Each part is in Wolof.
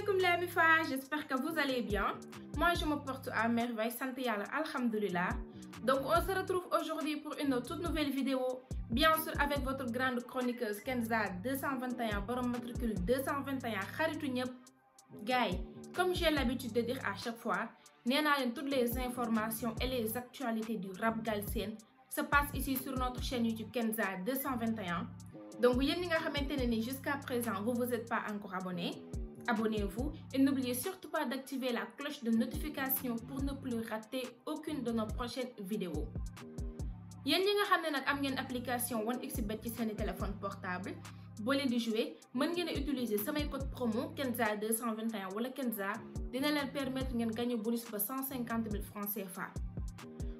alaikum les amis j'espère que vous allez bien. Moi je me porte à merveille, santé yalla, alhamdulillah. Donc on se retrouve aujourd'hui pour une toute nouvelle vidéo, bien sûr avec votre grande chroniqueuse Kenza 221, borom matricule 221, kharitou Guy. comme j'ai l'habitude de dire à chaque fois, néna toutes les informations et les actualités du rap galsien se passe ici sur notre chaîne YouTube Kenza 221. Donc, vous savez jusqu'à présent, vous vous êtes pas encore abonné abonnez-vous et n'oubliez surtout pas d'activer la cloche de notification pour ne plus rater aucune de nos prochaines vidéos. yéen ñi nga xamné nak am ngeen application 1xBet ci seeni téléphone portable bolé leen di jouer mën ngeen utiliser samay code promo Kenza 221 wala Kenza dina leen permettre ngeen gagner bonus ba 150 000 francs CFA.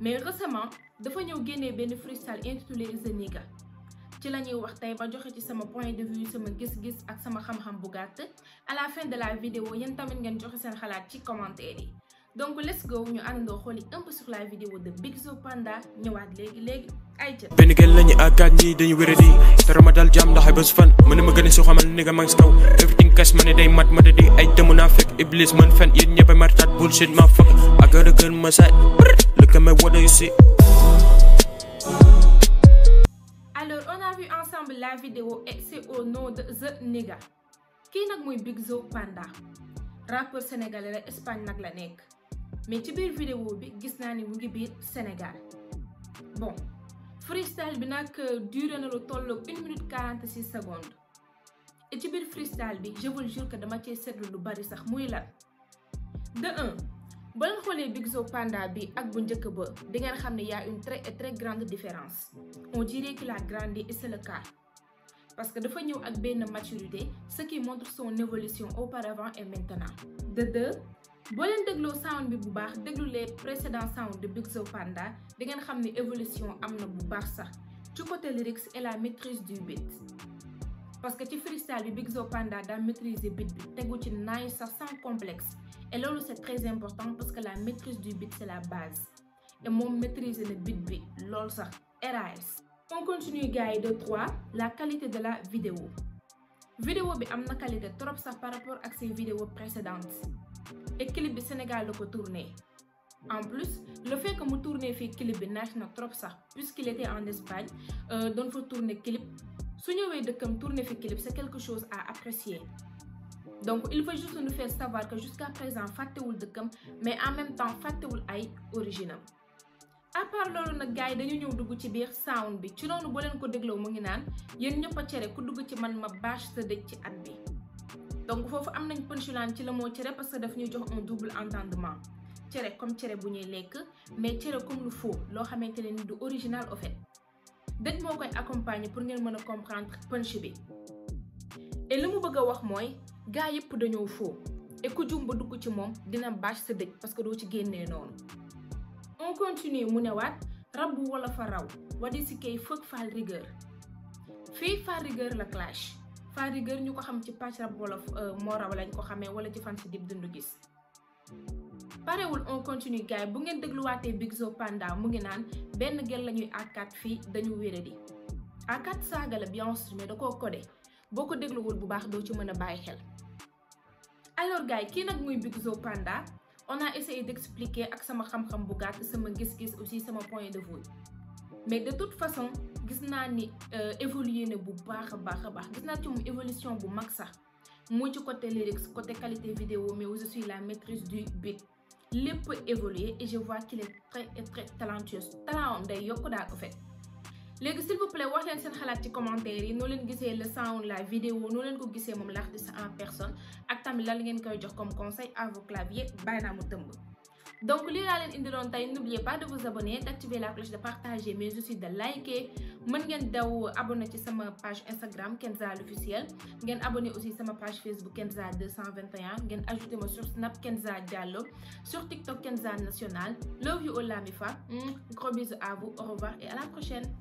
mais récemment dafa ñëw génnee benn freestyle intitulé Zeniga ci la ñuy wax tey ba joxe ci sama point de vue sama gis-gis ak sama xam-xam bu gàtt à la fin de la vidéo yéen tamit ngeen joxe seen xalaat ci commentaire yi donc let's go ñu àndandoo xooli un peu sur la vidéo de Big Zo Panda ñëwaat léegi léegi ay ca benn gel lañu akaat ñi dañu wéra di te rama dal jàmm ndaxay ba su fan mën na ma gën a si xamal ni nga ma si kaw everything cash ma ne day mat ma da di ay dëmu naa fekk ñëpp a martaat bullshit ma look at you see. Alors, on a vu ensemble la vidéo et c'est au nom de The Nigga. Qui nag mooy Big Zo Panda rappeur sénégalais et Espagne Mais la peux mais ci biir vidéo bi gis naa ni mu biir Sénégal bon freestyle bi euh, duré na minute 46 secondes et ci biir freestyle bi je vous jure que dama cee seetlu lu bari sax muy de un ba ngeen xoolee Big Zo Panda bi ak bu njëkk ba di ngeen xam y a une très très grande différence on dirait qu'il a grandi et c'est le cas parce que dafa ñëw ak benn maturité ce qui montre son évolution auparavant et maintenant. de deux boo leen dégloo sound bi bu baax déglu les précédents sound de Big Panda di ngeen xam ne évolution am na bu baax sax ci côté lyrics et la maîtrise du beat. parce que ci freestyle bi Big Zo Panda daa maîtriser beat bi tegu ci naay sax sans complexe et là, c'est très important parce que la maîtrise du beat c'est la base et mon maîtrise le beat c'est la RAS. on continue gars de 3 la qualité de la vidéo vidéo bi une qualité trop ça par rapport à ses vidéos précédentes et clip du Sénégal le tourné en plus le fait que vous tourne le clip bi trop puisqu'il était en Espagne euh, donc tourner le clip su que je clip c'est quelque chose à apprécier. donc il veut juste nous faire savoir que jusqu'à présent fàttewul dëkkam mais en même temps fàttewul ay origine am à loolu nag gars yi dañu ñëw dugg ci biir sound bi ci noonu boo ko dégloo mu ngi naan yéen ñëpp cere ku dugg ci man ma bâche sa dëj ci at bi donc foofu am nañ punchline ci la moo cere parce que daf ñuy jox un double entendement cere comme cere bu ñuy lekk mais cere comme lu faux loo xamante ne ni du original au fait dëj moo koy accompagner pour ngeen mën a comprendre bi et li mu bëgg a wax mooy gaa yëpp dañoo faux et ku jum ba dugg ci moom dina bâche sa dëj parce que doo ci génnee noonu on continue mu newaat rab bu wala fa raw wadi si kay fëg faal rigueur fii faal rigueur la clash faal rigueur ñu ko xam ci pàcc rab wala euh, moo raw lañ ko xamee wala jëfan si dib dund gis parewul on continue gars bu ngeen dégluwaatee Big Zo Panda mu ngi naan benn gel la ñuy àkkaat fii dañu wéradi àkkaat saaga la bien sûr mais da koo codé boo ko dégluwul bu baax doo ci mën a bàyyi xel alors gars yi kii nag muy Big Zo Panda on a essayé d'expliquer ak sama xam-xam bu gàtt sama gis-gis aussi sama point de vue mais de toute façon gis naa ni euh, évoluer na bu baax a baax a baax gis naa ci moom évolution bu mag sax muy ci côté lyrics côté qualité vidéo mais aussi je suis la maîtrise du beat lépp évoluer et je vois qu'il est très très talentueux talent day yokk daa ko fait s'il vous plaît wax leen seen xalaat ci commentaire yi noo leen gisee le sound la vidéo noo leen ko gisee moom l'artiste en personne ak tamit lan ngeen koy jox comme conseil à vos claviers bàyyi naa mu tëmb donc lii laa leen indiloon tey n'oubliez pas de vous abonner d'activer la cloche de partager mais aussi de liker mën ngeen vous abonné ci sama page Instagram Kenza l'officiel ngeen abonné aussi ma page Facebook Kenza 221 ngeen ajouté ma sur Snap Kenza Dialogue, sur TikTok Kenza National love you all la mi mm, gros bisous à vous au revoir et à la prochaine